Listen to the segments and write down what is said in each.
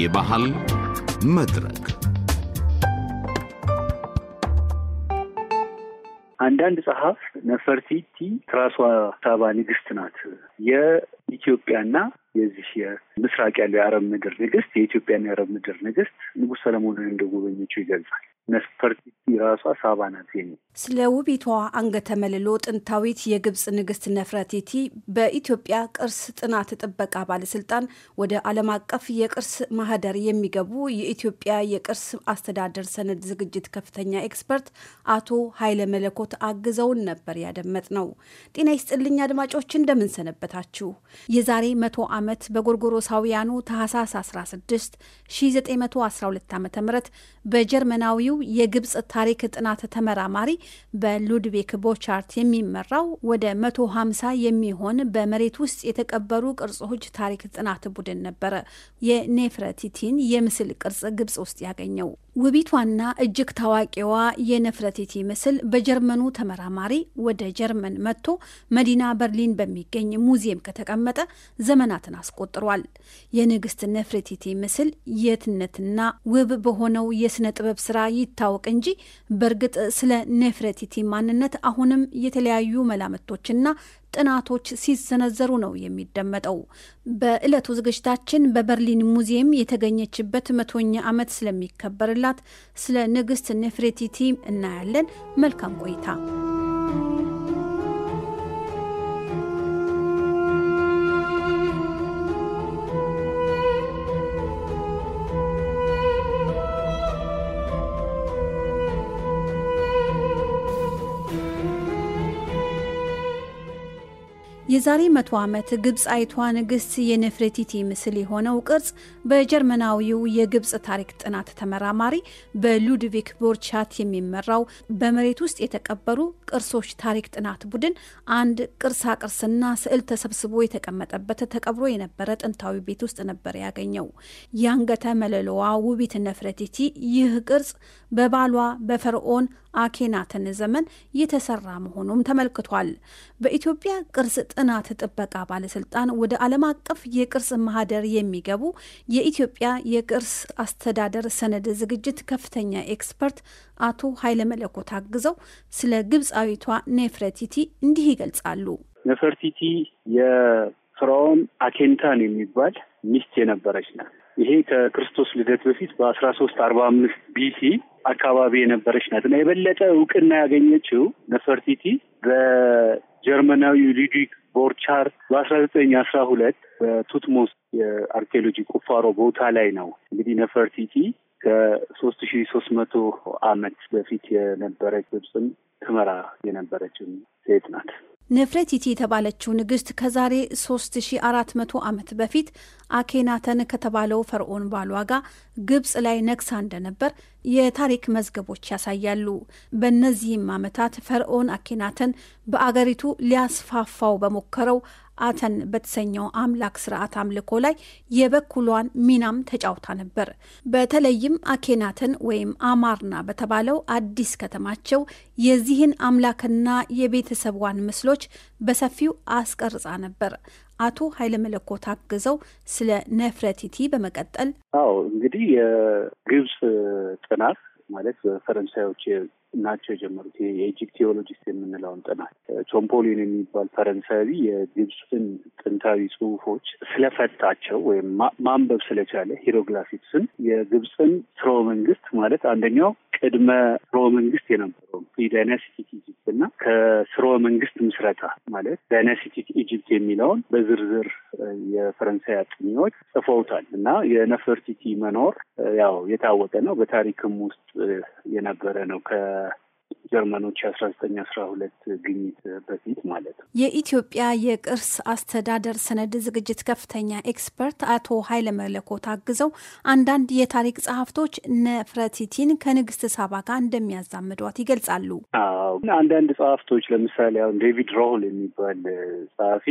የባህል መድረክ አንዳንድ ጸሐፍ ነፈርቲቲ ትራሷ ሳባ ንግስት ናት የኢትዮጵያና የዚህ ምስራቅ ያለው የአረብ ምድር ንግስት የኢትዮጵያና የአረብ ምድር ንግስት ንጉሥ ሰለሞንን እንደጎበኘችው ይገልጻል። ነስፈርቲቲ ራሷ ሳባ ናት ስለ ውቢቷ አንገተ መልሎ ጥንታዊት የግብፅ ንግስት ነፍረቲቲ በኢትዮጵያ ቅርስ ጥናት ጥበቃ ባለስልጣን ወደ ዓለም አቀፍ የቅርስ ማህደር የሚገቡ የኢትዮጵያ የቅርስ አስተዳደር ሰነድ ዝግጅት ከፍተኛ ኤክስፐርት አቶ ኃይለ መለኮት አግዘውን ነበር ያደመጥ ነው። ጤና ይስጥልኝ አድማጮች፣ እንደምን ሰነበታችሁ? የዛሬ መቶ ዓመት በጎርጎሮሳውያኑ ታህሳስ 16 1912 ዓ ም በጀርመናዊው የግብፅ ታሪክ ጥናት ተመራማሪ በሉድቪክ ቦቻርት የሚመራው ወደ 150 የሚሆን በመሬት ውስጥ የተቀበሩ ቅርጾች ታሪክ ጥናት ቡድን ነበረ የኔፍረቲቲን የምስል ቅርጽ ግብፅ ውስጥ ያገኘው። ውቢቷና እጅግ ታዋቂዋ የነፍረቴቲ ምስል በጀርመኑ ተመራማሪ ወደ ጀርመን መጥቶ መዲና በርሊን በሚገኝ ሙዚየም ከተቀመጠ ዘመናትን አስቆጥሯል። የንግስት ነፍረቴቲ ምስል የትነትና ውብ በሆነው የስነ ጥበብ ስራ ይታወቅ እንጂ በእርግጥ ስለ ነፍረቴቲ ማንነት አሁንም የተለያዩ መላምቶችና ጥናቶች ሲሰነዘሩ ነው የሚደመጠው። በዕለቱ ዝግጅታችን በበርሊን ሙዚየም የተገኘችበት መቶኛ ዓመት ስለሚከበርላት ስለ ንግሥት ኔፍሬቲቲ እናያለን። መልካም ቆይታ። የዛሬ መቶ ዓመት ግብፃዊቷ ንግሥት የኔፍሬቲቲ ምስል የሆነው ቅርጽ በጀርመናዊው የግብፅ ታሪክ ጥናት ተመራማሪ በሉድቪክ ቦርቻት የሚመራው በመሬት ውስጥ የተቀበሩ ቅርሶች ታሪክ ጥናት ቡድን አንድ ቅርሳ ቅርስና ስዕል ተሰብስቦ የተቀመጠበት ተቀብሮ የነበረ ጥንታዊ ቤት ውስጥ ነበር ያገኘው። የአንገተ መለሎዋ ውቢት ነፍረቲቲ ይህ ቅርጽ በባሏ በፈርዖን አኬናተን ዘመን የተሰራ መሆኑም ተመልክቷል። በኢትዮጵያ ቅርስ ጥና የጥናት ጥበቃ ባለስልጣን ወደ ዓለም አቀፍ የቅርስ ማህደር የሚገቡ የኢትዮጵያ የቅርስ አስተዳደር ሰነድ ዝግጅት ከፍተኛ ኤክስፐርት አቶ ኃይለ መለኮ አግዘው ስለ ግብፃዊቷ ኔፍረቲቲ እንዲህ ይገልጻሉ። ኔፍረቲቲ የፍራውን አኬንታን የሚባል ሚስት የነበረች ናት። ይሄ ከክርስቶስ ልደት በፊት በአስራ ሶስት አርባ አምስት ቢሲ አካባቢ የነበረች ናት እና የበለጠ እውቅና ያገኘችው ነፈርቲቲ በጀርመናዊ ሉድዊግ ቦርቻር በአስራ ዘጠኝ አስራ ሁለት በቱትሞስ የአርኪኦሎጂ ቁፋሮ ቦታ ላይ ነው እንግዲህ ነፈርቲቲ ከሶስት ሺ ሶስት መቶ አመት በፊት የነበረች ግብፅን ትመራ የነበረችን ሴት ናት። ነፍረቲቲ የተባለችው ንግስት ከዛሬ 3400 ዓመት በፊት አኬናተን ከተባለው ፈርዖን ባሏ ጋር ግብፅ ላይ ነግሳ እንደነበር የታሪክ መዝገቦች ያሳያሉ። በእነዚህም ዓመታት ፈርዖን አኬናተን በአገሪቱ ሊያስፋፋው በሞከረው አተን በተሰኘው አምላክ ስርዓት አምልኮ ላይ የበኩሏን ሚናም ተጫውታ ነበር። በተለይም አኬናተን ወይም አማርና በተባለው አዲስ ከተማቸው የዚህን አምላክና የቤተሰቧን ምስሎች በሰፊው አስቀርጻ ነበር። አቶ ኃይለ መለኮት አግዘው ስለ ነፍረቲቲ በመቀጠል አዎ እንግዲህ የግብፅ ጥናት ማለት በፈረንሳዮች ናቸው የጀመሩት። የኢጂፕ ቴዎሎጂስት የምንለውን ጥናት ቾምፖሊን የሚባል ፈረንሳዊ የግብፅን ጥንታዊ ጽሁፎች ስለፈታቸው ወይም ማንበብ ስለቻለ ሂሮግላፊክስን የግብፅን ስርወ መንግስት ማለት አንደኛው ቅድመ ስርወ መንግስት የነበረው ዳይናስቲክ ኢጅፕት እና ከስርወ መንግስት ምስረታ ማለት ዳይናስቲክ ኢጅፕት የሚለውን በዝርዝር የፈረንሳይ አጥኚዎች ጽፈውታል እና የነፈርቲቲ መኖር ያው የታወቀ ነው። በታሪክም ውስጥ የነበረ ነው። ጀርመኖች የአስራ ዘጠኝ አስራ ሁለት ግኝት በፊት ማለት ነው። የኢትዮጵያ የቅርስ አስተዳደር ሰነድ ዝግጅት ከፍተኛ ኤክስፐርት አቶ ኃይለ መለኮ ታግዘው አንዳንድ የታሪክ ጸሐፍቶች ነፍረቲቲን ከንግስት ሳባ ጋር እንደሚያዛምዷት ይገልጻሉ። አንዳንድ ጸሐፍቶች ለምሳሌ አሁን ዴቪድ ሮል የሚባል ጸሐፊ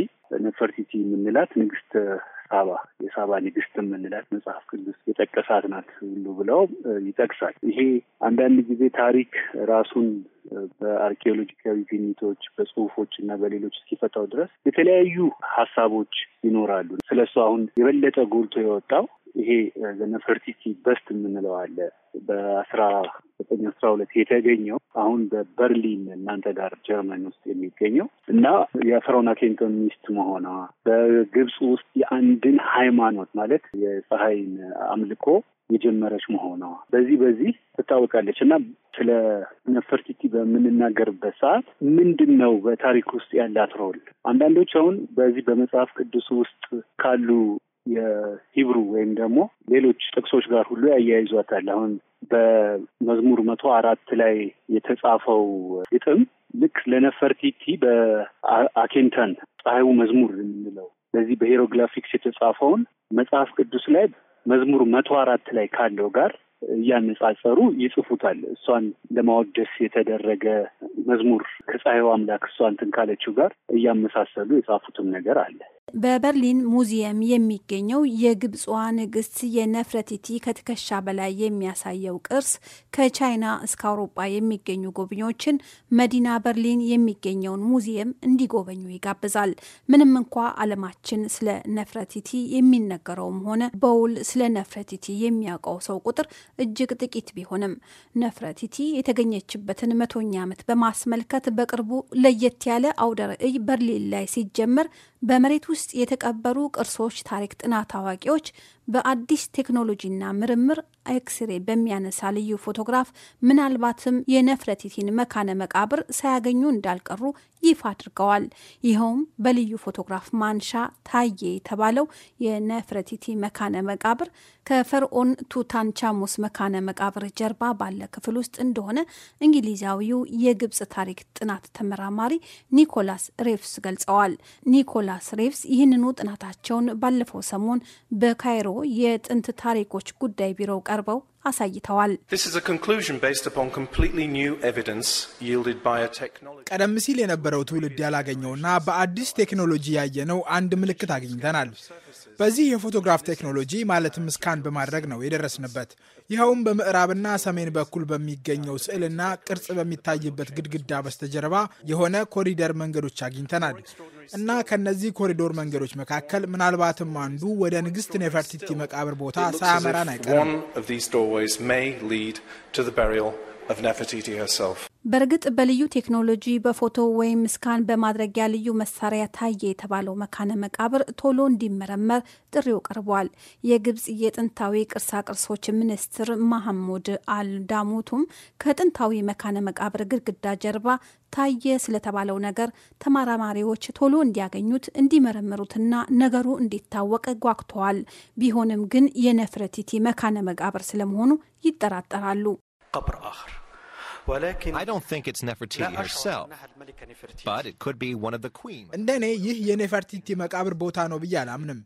ነፈርቲቲ የምንላት ንግስት ሳባ የሳባ ንግስት የምንላት መጽሐፍ ቅዱስ የጠቀሳት ናት ሁሉ ብለው ይጠቅሳል። ይሄ አንዳንድ ጊዜ ታሪክ ራሱን በአርኪኦሎጂካዊ ግኝቶች፣ በጽሁፎች እና በሌሎች እስኪፈታው ድረስ የተለያዩ ሀሳቦች ይኖራሉ። ስለሱ አሁን የበለጠ ጎልቶ የወጣው ይሄ uh, ነፈርቲቲ በስት የምንለው አለ በአስራ ዘጠኝ አስራ ሁለት የተገኘው አሁን በበርሊን እናንተ ጋር ጀርመን ውስጥ የሚገኘው እና የአስራውና ክሊንቶን ሚስት መሆኗ በግብፅ ውስጥ የአንድን ሃይማኖት ማለት የፀሐይን አምልኮ የጀመረች መሆኗ በዚህ በዚህ ትታወቃለች እና ስለ ነፈርቲቲ በምንናገርበት ሰዓት ምንድን ነው በታሪክ ውስጥ ያላት ሮል? አንዳንዶች አሁን በዚህ በመጽሐፍ ቅዱስ ውስጥ ካሉ የሂብሩ ወይም ደግሞ ሌሎች ጥቅሶች ጋር ሁሉ ያያይዟታል። አሁን በመዝሙር መቶ አራት ላይ የተጻፈው ግጥም ልክ ለነፈርቲቲ በአኬንተን ፀሐዩ መዝሙር የምንለው በዚህ በሄሮግላፊክስ የተጻፈውን መጽሐፍ ቅዱስ ላይ መዝሙር መቶ አራት ላይ ካለው ጋር እያነጻጸሩ ይጽፉታል። እሷን ለማወደስ የተደረገ መዝሙር ከፀሐዩ አምላክ እሷ እንትን ካለችው ጋር እያመሳሰሉ የጻፉትም ነገር አለ። በበርሊን ሙዚየም የሚገኘው የግብፅዋ ንግስት የነፍረቲቲ ከትከሻ በላይ የሚያሳየው ቅርስ ከቻይና እስከ አውሮጳ የሚገኙ ጎብኚዎችን መዲና በርሊን የሚገኘውን ሙዚየም እንዲጎበኙ ይጋብዛል። ምንም እንኳ ዓለማችን ስለ ነፍረቲቲ የሚነገረውም ሆነ በውል ስለ ነፍረቲቲ የሚያውቀው ሰው ቁጥር እጅግ ጥቂት ቢሆንም ነፍረቲቲ የተገኘችበትን መቶኛ ዓመት በማስመልከት በቅርቡ ለየት ያለ አውደ ርዕይ በርሊን ላይ ሲጀመር በመሬት ውስጥ ውስጥ የተቀበሩ ቅርሶች ታሪክ ጥናት አዋቂዎች በአዲስ ቴክኖሎጂና ምርምር ኤክስሬ በሚያነሳ ልዩ ፎቶግራፍ ምናልባትም የነፍረቲቲን መካነ መቃብር ሳያገኙ እንዳልቀሩ ይፋ አድርገዋል። ይኸውም በልዩ ፎቶግራፍ ማንሻ ታየ የተባለው የነፍረቲቲ መካነ መቃብር ከፈርዖን ቱታንቻሙስ መካነ መቃብር ጀርባ ባለ ክፍል ውስጥ እንደሆነ እንግሊዛዊው የግብጽ ታሪክ ጥናት ተመራማሪ ኒኮላስ ሬቭስ ገልጸዋል። ኒኮላስ ሬቭስ ይህንኑ ጥናታቸውን ባለፈው ሰሞን በካይሮ የጥንት ታሪኮች ጉዳይ ቢሮው ቀርበው አሳይተዋል። ቀደም ሲል የነበረው ትውልድ ያላገኘውና በአዲስ ቴክኖሎጂ ያየነው አንድ ምልክት አግኝተናል። በዚህ የፎቶግራፍ ቴክኖሎጂ ማለትም ስካን በማድረግ ነው የደረስንበት። ይኸውም በምዕራብና ሰሜን በኩል በሚገኘው ስዕልና ቅርጽ በሚታይበት ግድግዳ በስተጀርባ የሆነ ኮሪደር መንገዶች አግኝተናል እና ከነዚህ ኮሪዶር መንገዶች መካከል ምናልባትም አንዱ ወደ ንግሥት ኔፈርቲቲ መቃብር ቦታ ሳያመራን አይቀርም። ways may lead to the burial of Nefertiti herself. በእርግጥ በልዩ ቴክኖሎጂ በፎቶ ወይም ስካን በማድረጊያ ልዩ መሳሪያ ታየ የተባለው መካነ መቃብር ቶሎ እንዲመረመር ጥሪው ቀርቧል። የግብጽ የጥንታዊ ቅርሳቅርሶች ሚኒስትር ማሐሙድ አልዳሙቱም ከጥንታዊ መካነ መቃብር ግድግዳ ጀርባ ታየ ስለተባለው ነገር ተመራማሪዎች ቶሎ እንዲያገኙት እንዲመረምሩትና ነገሩ እንዲታወቅ ጓግተዋል። ቢሆንም ግን የነፍረቲቲ መካነ መቃብር ስለመሆኑ ይጠራጠራሉ። ቀብር I don't think it's Nefertiti herself, but it could be one of the queens. እንደኔ ይህ የኔፈርቲቲ መቃብር ቦታ ነው ብዬ አላምንም።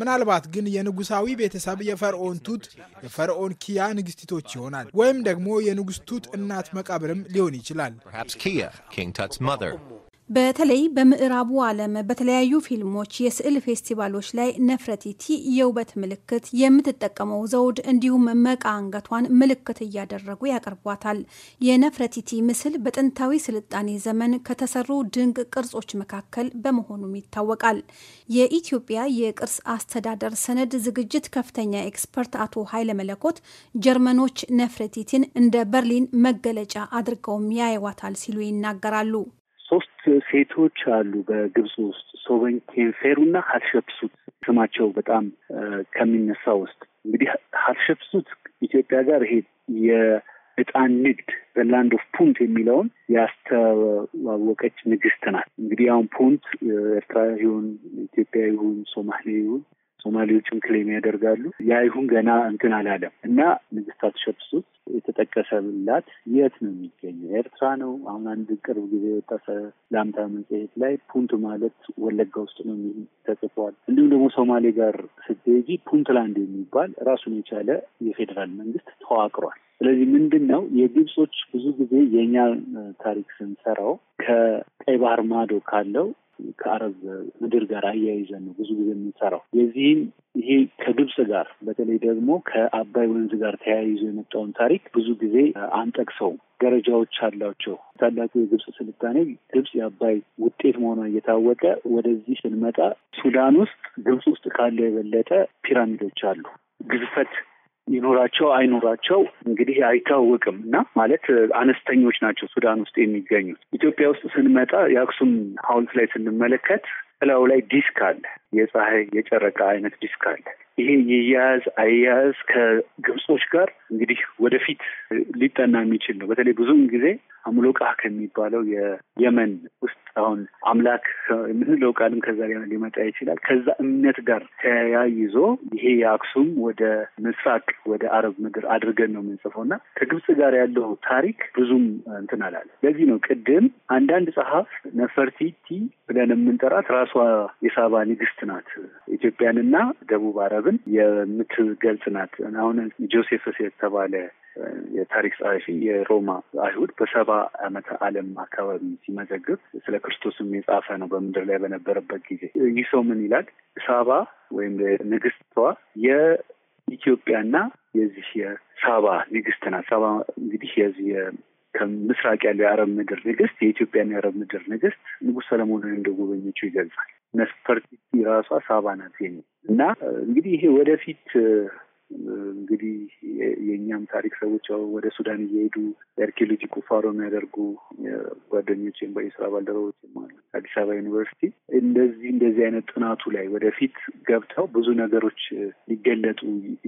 ምናልባት ግን የንጉሳዊ ቤተሰብ የፈርዖን ቱት፣ የፈርዖን ኪያ ንግስቲቶች ይሆናል። ወይም ደግሞ የንጉሥ ቱት እናት መቃብርም ሊሆን ይችላል። በተለይ በምዕራቡ ዓለም በተለያዩ ፊልሞች፣ የስዕል ፌስቲቫሎች ላይ ነፍረቲቲ የውበት ምልክት የምትጠቀመው ዘውድ እንዲሁም መቃ አንገቷን ምልክት እያደረጉ ያቀርቧታል። የነፍረቲቲ ምስል በጥንታዊ ስልጣኔ ዘመን ከተሰሩ ድንቅ ቅርጾች መካከል በመሆኑም ይታወቃል። የኢትዮጵያ የቅርስ አስተዳደር ሰነድ ዝግጅት ከፍተኛ ኤክስፐርት አቶ ኃይለ መለኮት ጀርመኖች ነፍረቲቲን እንደ በርሊን መገለጫ አድርገውም ያየዋታል ሲሉ ይናገራሉ። ሶስት ሴቶች አሉ በግብጽ ውስጥ ሶበን ኬንፌሩ እና ሀትሸፕሱት ስማቸው በጣም ከሚነሳ ውስጥ እንግዲህ ሀትሸፕሱት ኢትዮጵያ ጋር ይሄ የእጣን ንግድ በላንድ ኦፍ ፑንት የሚለውን ያስተዋወቀች ንግስት ናት። እንግዲህ አሁን ፑንት ኤርትራ ይሁን ኢትዮጵያ ይሁን ሶማሌ ይሁን ሶማሌዎችም ክሌም ያደርጋሉ። የአይሁን ገና እንትን አላለም እና ንግስታት ሸብስ ውስጥ የተጠቀሰላት የት ነው የሚገኘው? ኤርትራ ነው። አሁን አንድ ቅርብ ጊዜ የወጣ ሰላምታ መጽሔት ላይ ፑንት ማለት ወለጋ ውስጥ ነው የሚል ተጽፏል። እንዲሁም ደግሞ ሶማሌ ጋር ስትሄጂ ፑንትላንድ የሚባል ራሱን የቻለ የፌዴራል መንግስት ተዋቅሯል። ስለዚህ ምንድን ነው የግብጾች ብዙ ጊዜ የእኛ ታሪክ ስንሰራው ከቀይ ባህር ማዶ ካለው ከአረብ ምድር ጋር አያይዘን ነው ብዙ ጊዜ የምንሰራው። የዚህም ይሄ ከግብጽ ጋር በተለይ ደግሞ ከአባይ ወንዝ ጋር ተያይዞ የመጣውን ታሪክ ብዙ ጊዜ አንጠቅሰውም። ደረጃዎች አላቸው ታላቁ የግብጽ ስልጣኔ ግብጽ የአባይ ውጤት መሆኗ እየታወቀ ወደዚህ ስንመጣ ሱዳን ውስጥ ግብጽ ውስጥ ካለው የበለጠ ፒራሚዶች አሉ። ግዝፈት ይኖራቸው አይኖራቸው እንግዲህ አይታወቅም እና ማለት አነስተኞች ናቸው ሱዳን ውስጥ የሚገኙት። ኢትዮጵያ ውስጥ ስንመጣ የአክሱም ሐውልት ላይ ስንመለከት ጥላው ላይ ዲስክ አለ፣ የፀሐይ የጨረቃ አይነት ዲስክ አለ። ይሄ የያያዝ አያያዝ ከግብጾች ጋር እንግዲህ ወደፊት ሊጠና የሚችል ነው። በተለይ ብዙውን ጊዜ አምሎቃህ ከሚባለው የየመን ውስጥ አሁን አምላክ የምንለው ቃልም ከዛ ሊመጣ ይችላል። ከዛ እምነት ጋር ተያይዞ ይሄ የአክሱም ወደ ምስራቅ ወደ አረብ ምድር አድርገን ነው የምንጽፈው እና ከግብጽ ጋር ያለው ታሪክ ብዙም እንትን አላለ። ለዚህ ነው ቅድም አንዳንድ ጸሐፍ ነፈርቲቲ ብለን የምንጠራት ራሷ የሳባ ንግስት ናት ኢትዮጵያንና ደቡብ አረብ ጥበብን የምትገልጽ ናት። አሁን ጆሴፈስ የተባለ የታሪክ ጸሐፊ የሮማ አይሁድ በሰባ ዓመተ ዓለም አካባቢ ሲመዘግብ ስለ ክርስቶስም የጻፈ ነው። በምድር ላይ በነበረበት ጊዜ ይህ ሰው ምን ይላል? ሳባ ወይም ንግስቷ የኢትዮጵያና የዚህ የሳባ ንግስት ናት። ሳባ እንግዲህ የዚህ ከምስራቅ ያለው የአረብ ምድር ንግስት የኢትዮጵያን የአረብ ምድር ንግስት ንጉሥ ሰለሞንን እንደጎበኘችው ይገልጻል። ነስፈርቲቲ ራሷ ሳባ ናት የሚ እና እንግዲህ ይሄ ወደፊት እንግዲህ የእኛም ታሪክ ሰዎች ወደ ሱዳን እየሄዱ የአርኪኦሎጂ ቁፋሮ የሚያደርጉ ጓደኞቼም በስራ ባልደረቦችም አሉ አዲስ አበባ ዩኒቨርሲቲ እንደዚህ እንደዚህ አይነት ጥናቱ ላይ ወደፊት ገብተው ብዙ ነገሮች ሊገለጡ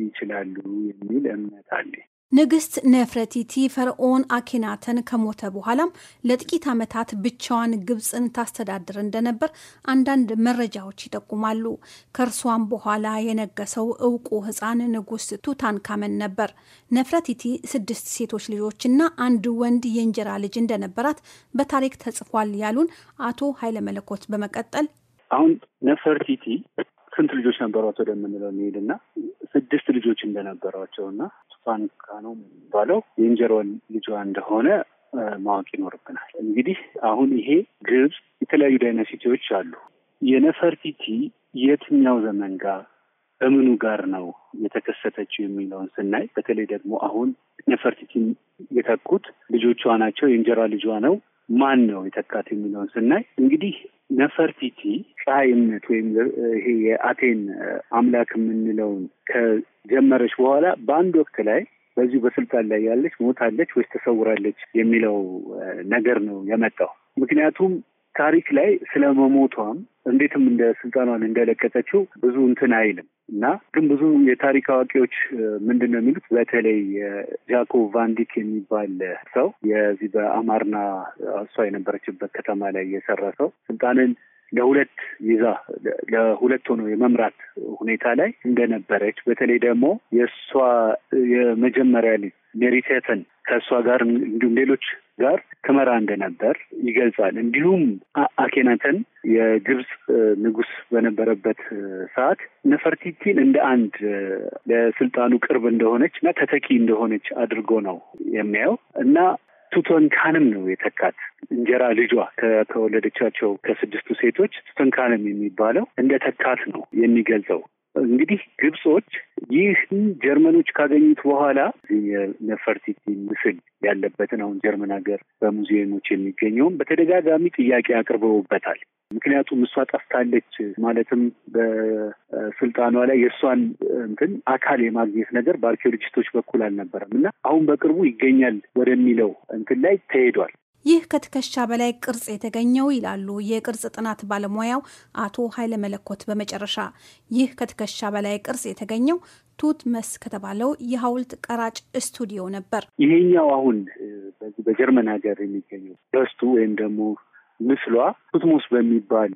ይችላሉ የሚል እምነት አለ። ንግስት ነፍረቲቲ ፈርዖን አኬናተን ከሞተ በኋላም ለጥቂት ዓመታት ብቻዋን ግብፅን ታስተዳድር እንደነበር አንዳንድ መረጃዎች ይጠቁማሉ። ከእርሷም በኋላ የነገሰው እውቁ ህፃን ንጉስ ቱታንካመን ነበር። ነፍረቲቲ ስድስት ሴቶች ልጆችና አንድ ወንድ የእንጀራ ልጅ እንደነበራት በታሪክ ተጽፏል ያሉን አቶ ኃይለ መለኮት በመቀጠል አሁን ነፈርቲቲ ስንት ልጆች ነበሯቸው ወደምንለው የሚሄድ እና ስድስት ልጆች እንደነበሯቸው እና ፋንካ ካኖ የሚባለው የእንጀራ ልጇ እንደሆነ ማወቅ ይኖርብናል። እንግዲህ አሁን ይሄ ግብጽ የተለያዩ ዳይነሲቲዎች አሉ። የነፈርቲቲ የትኛው ዘመን ጋር በምኑ ጋር ነው የተከሰተችው የሚለውን ስናይ በተለይ ደግሞ አሁን ነፈርቲቲን የተኩት ልጆቿ ናቸው። የእንጀራ ልጇ ነው ማን ነው የተካት የሚለውን ስናይ እንግዲህ ነፈርቲቲ ፀሐይነት ወይም ይሄ የአቴን አምላክ የምንለውን ከጀመረች በኋላ በአንድ ወቅት ላይ በዚሁ በስልጣን ላይ ያለች ሞታለች ወይስ ተሰውራለች የሚለው ነገር ነው የመጣው። ምክንያቱም ታሪክ ላይ ስለ መሞቷም እንዴትም እንደ ስልጣኗን እንደለቀቀችው ብዙ እንትን አይልም እና ግን ብዙ የታሪክ አዋቂዎች ምንድን ነው የሚሉት በተለይ ጃኮብ ቫንዲክ የሚባል ሰው የዚህ በአማርና እሷ የነበረችበት ከተማ ላይ የሰራ ሰው ስልጣንን ለሁለት ይዛ ለሁለት ሆኖ የመምራት ሁኔታ ላይ እንደነበረች በተለይ ደግሞ የእሷ የመጀመሪያ ልጅ ሜሪሴትን ከእሷ ጋር እንዲሁም ሌሎች ጋር ትመራ እንደነበር ይገልጻል። እንዲሁም አኬናተን የግብፅ ንጉስ በነበረበት ሰዓት ነፈርቲቲን እንደ አንድ ለስልጣኑ ቅርብ እንደሆነች እና ተተኪ እንደሆነች አድርጎ ነው የሚያየው እና ቱተንካንም ነው የተካት እንጀራ ልጇ ከተወለደቻቸው ከስድስቱ ሴቶች ቱተንካንም የሚባለው እንደ ተካት ነው የሚገልጸው። እንግዲህ ግብጾች ይህ ጀርመኖች ካገኙት በኋላ የነፈርቲቲ ምስል ያለበትን አሁን ጀርመን ሀገር በሙዚየሞች የሚገኘውን በተደጋጋሚ ጥያቄ አቅርበውበታል። ምክንያቱም እሷ ጠፍታለች ማለትም በስልጣኗ ላይ የእሷን እንትን አካል የማግኘት ነገር በአርኪኦሎጂስቶች በኩል አልነበረም እና አሁን በቅርቡ ይገኛል ወደሚለው እንትን ላይ ተሄዷል። ይህ ከትከሻ በላይ ቅርጽ የተገኘው ይላሉ የቅርጽ ጥናት ባለሙያው አቶ ኃይለ መለኮት። በመጨረሻ ይህ ከትከሻ በላይ ቅርጽ የተገኘው ቱት መስ ከተባለው የሐውልት ቀራጭ ስቱዲዮ ነበር። ይሄኛው አሁን በዚህ በጀርመን ሀገር የሚገኘው በስቱ ወይም ደግሞ ምስሏ ኩትሙስ በሚባል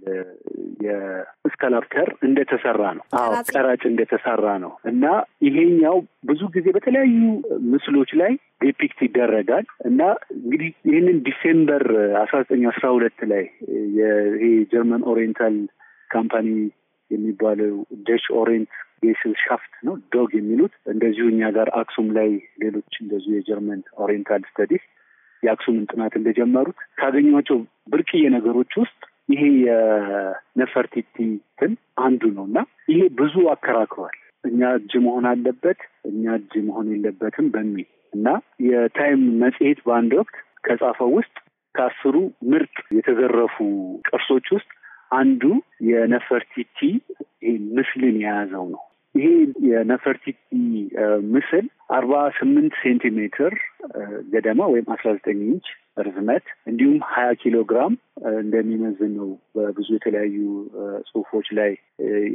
የስካላፕተር እንደተሰራ ነው። አዎ ቀራጭ እንደተሰራ ነው እና ይሄኛው ብዙ ጊዜ በተለያዩ ምስሎች ላይ ዲፒክት ይደረጋል እና እንግዲህ ይህንን ዲሴምበር አስራ ዘጠኝ አስራ ሁለት ላይ ይሄ ጀርመን ኦሪየንታል ካምፓኒ የሚባለው ደች ኦሪየንት ጌስል ሻፍት ነው ዶግ የሚሉት እንደዚሁ እኛ ጋር አክሱም ላይ ሌሎች እንደዚሁ የጀርመን ኦሪየንታል ስተዲስ የአክሱምን ጥናት እንደጀመሩት ካገኟቸው ብርቅዬ ነገሮች ውስጥ ይሄ የነፈርቲቲ እንትን አንዱ ነው እና ይሄ ብዙ አከራክሯል። እኛ እጅ መሆን አለበት፣ እኛ እጅ መሆን የለበትም በሚል እና የታይም መጽሔት በአንድ ወቅት ከጻፈው ውስጥ ከአስሩ ምርጥ የተዘረፉ ቅርሶች ውስጥ አንዱ የነፈርቲቲ ምስልን የያዘው ነው ይሄ የነፈርቲቲ ምስል አርባ ስምንት ሴንቲሜትር ገደማ ወይም አስራ ዘጠኝ ኢንች ርዝመት እንዲሁም ሀያ ኪሎ ግራም እንደሚመዝን ነው በብዙ የተለያዩ ጽሁፎች ላይ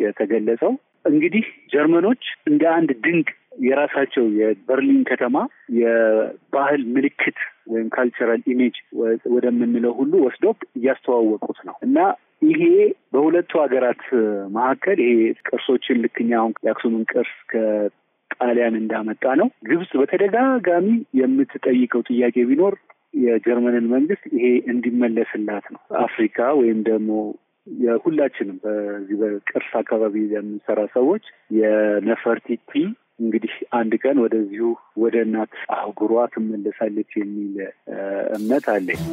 የተገለጸው። እንግዲህ ጀርመኖች እንደ አንድ ድንቅ የራሳቸው የበርሊን ከተማ የባህል ምልክት ወይም ካልቸራል ኢሜጅ ወደምንለው ሁሉ ወስዶ እያስተዋወቁት ነው እና ይሄ በሁለቱ ሀገራት መካከል ይሄ ቅርሶችን ልክኛ አሁን የአክሱምን ቅርስ ከጣሊያን እንዳመጣ ነው። ግብጽ በተደጋጋሚ የምትጠይቀው ጥያቄ ቢኖር የጀርመንን መንግስት ይሄ እንዲመለስላት ነው። አፍሪካ ወይም ደግሞ የሁላችንም በዚህ በቅርስ አካባቢ የምንሰራ ሰዎች የነፈርቲቲ እንግዲህ አንድ ቀን ወደዚሁ ወደ እናት አህጉሯ ትመለሳለች የሚል እምነት አለኝ።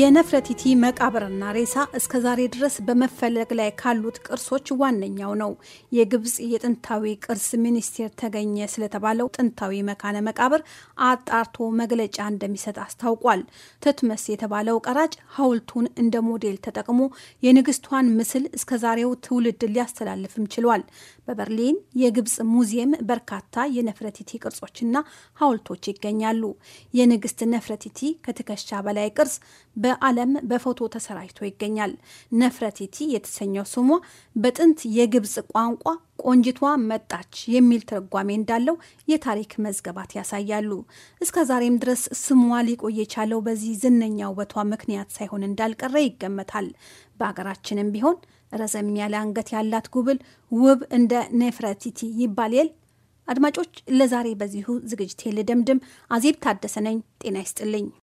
የነፍረቲቲ መቃብርና ሬሳ እስከ ዛሬ ድረስ በመፈለግ ላይ ካሉት ቅርሶች ዋነኛው ነው። የግብፅ የጥንታዊ ቅርስ ሚኒስቴር ተገኘ ስለተባለው ጥንታዊ መካነ መቃብር አጣርቶ መግለጫ እንደሚሰጥ አስታውቋል። ትትመስ የተባለው ቀራጭ ሐውልቱን እንደ ሞዴል ተጠቅሞ የንግስቷን ምስል እስከ ዛሬው ትውልድ ሊያስተላልፍም ችሏል። በበርሊን የግብፅ ሙዚየም በርካታ የነፍረቲቲ ቅርጾችና ሐውልቶች ይገኛሉ። የንግስት ነፍረቲቲ ከትከሻ በላይ ቅርጽ በዓለም በፎቶ ተሰራጭቶ ይገኛል። ነፍረቲቲ የተሰኘው ስሟ በጥንት የግብፅ ቋንቋ ቆንጅቷ መጣች የሚል ትርጓሜ እንዳለው የታሪክ መዝገባት ያሳያሉ። እስከ ዛሬም ድረስ ስሟ ሊቆይ የቻለው በዚህ ዝነኛ ውበቷ ምክንያት ሳይሆን እንዳልቀረ ይገመታል። በሀገራችንም ቢሆን ረዘም ያለ አንገት ያላት ጉብል ውብ እንደ ኔፍረቲቲ ይባልል አድማጮች፣ ለዛሬ በዚሁ ዝግጅቴ ልደምድም። አዜብ ታደሰ ነኝ። ጤና ይስጥልኝ።